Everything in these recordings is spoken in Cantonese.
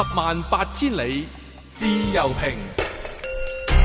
十萬八千里自由評，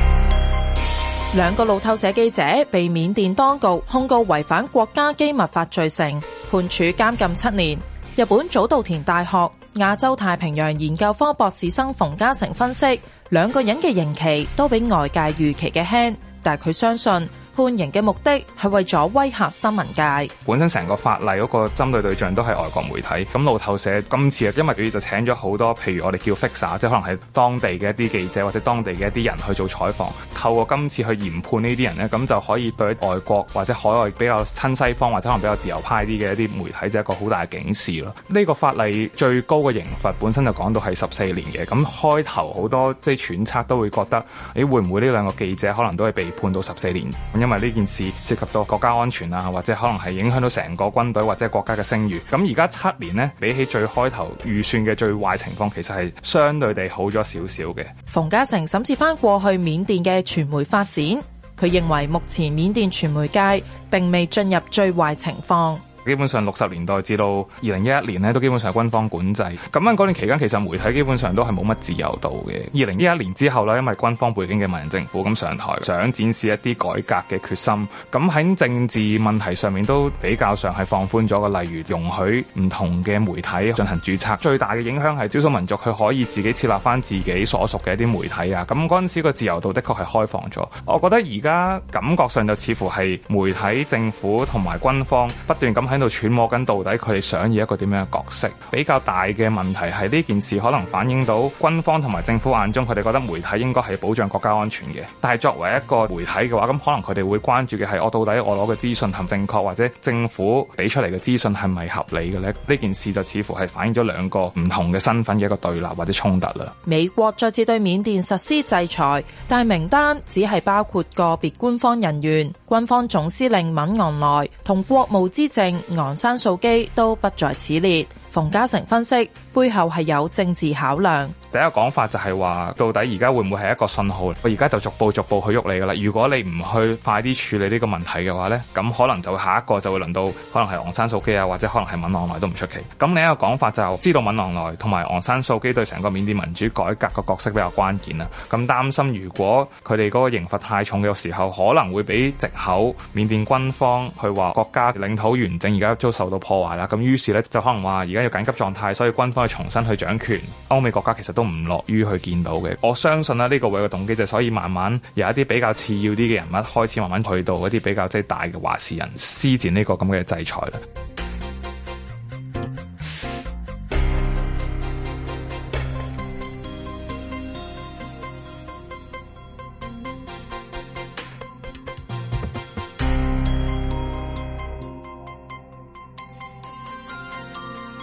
兩個路透社記者被緬甸當局控告違反國家機密法罪成，判處監禁七年。日本早稻田大學亞洲太平洋研究科博士生馮嘉誠分析，兩個人嘅刑期都比外界預期嘅輕，但係佢相信。判刑嘅目的係為咗威嚇新聞界。本身成個法例嗰個針對對象都係外國媒體。咁路透社今次啊，因為佢就請咗好多，譬如我哋叫 fixer，即可能係當地嘅一啲記者或者當地嘅一啲人去做採訪。透過今次去研判呢啲人呢，咁就可以對外國或者海外比較親西方或者可能比較自由派啲嘅一啲媒體，就係、一個好大嘅警示咯。呢、呢個法例最高嘅刑罰本身就講到係十四年嘅。咁開頭好多即係揣測都會覺得，你、哎、會唔會呢兩個記者可能都係被判到十四年？因為呢件事涉及到國家安全啊，或者可能係影響到成個軍隊或者國家嘅聲譽。咁而家七年呢，比起最開頭預算嘅最壞情況，其實係相對地好咗少少嘅。馮嘉誠審視翻過去緬甸嘅傳媒發展，佢認為目前緬甸傳媒界並未進入最壞情況。基本上六十年代至到二零一一年呢都基本上係軍方管制。咁樣嗰段期間其實媒體基本上都係冇乜自由度嘅。二零一一年之後呢，因為軍方背景嘅文人政府咁上台，想展示一啲改革嘅決心，咁喺政治問題上面都比較上係放寬咗嘅。例如容許唔同嘅媒體進行注冊，最大嘅影響係少數民族，佢可以自己設立翻自己所屬嘅一啲媒體啊。咁嗰陣時個自由度的確係開放咗。我覺得而家感覺上就似乎係媒體政府同埋軍方不斷咁。喺度揣摩緊到底佢哋想要一個點樣嘅角色？比較大嘅問題，係呢件事，可能反映到軍方同埋政府眼中，佢哋覺得媒體應該，係保障國家安全嘅。但係作為一個媒體嘅話，咁可能佢哋會關注嘅係我到底我攞嘅資訊，係咪正確，或者政府俾出嚟嘅資訊，係咪合理嘅咧？呢件事就似乎係反映咗兩個唔同嘅身份嘅一個對立或者衝突啦。美國再次對緬甸實施制裁，但係名單只係包括個別官方人員，軍方總司令敏昂萊同國務資政，昂山素基都不在此列。馮嘉誠分析，背後係有政治考量。第一個講法就係話，到底而家會唔會係一個信號？我而家就逐步逐步去喐你噶啦。如果你唔去快啲處理呢個問題嘅話呢，咁可能就下一個就會輪到可能係昂山素基啊，或者可能係敏昂萊都唔出奇。咁另一個講法就係知道敏昂萊同埋昂山素基對成個緬甸民主改革個角色比較關鍵啦。咁擔心如果佢哋嗰個刑罰太重嘅時候，可能會俾藉口緬甸軍方去話國家領土完整而家遭受到破壞啦。咁於是呢，就可能話而家要緊急狀態，所以軍方去重新去掌權。歐美國家其實都唔樂於去見到嘅，我相信呢個位嘅動機就所以慢慢由一啲比較次要啲嘅人物開始，慢慢去到一啲比較即係大嘅話事人施展呢個咁嘅制裁啦。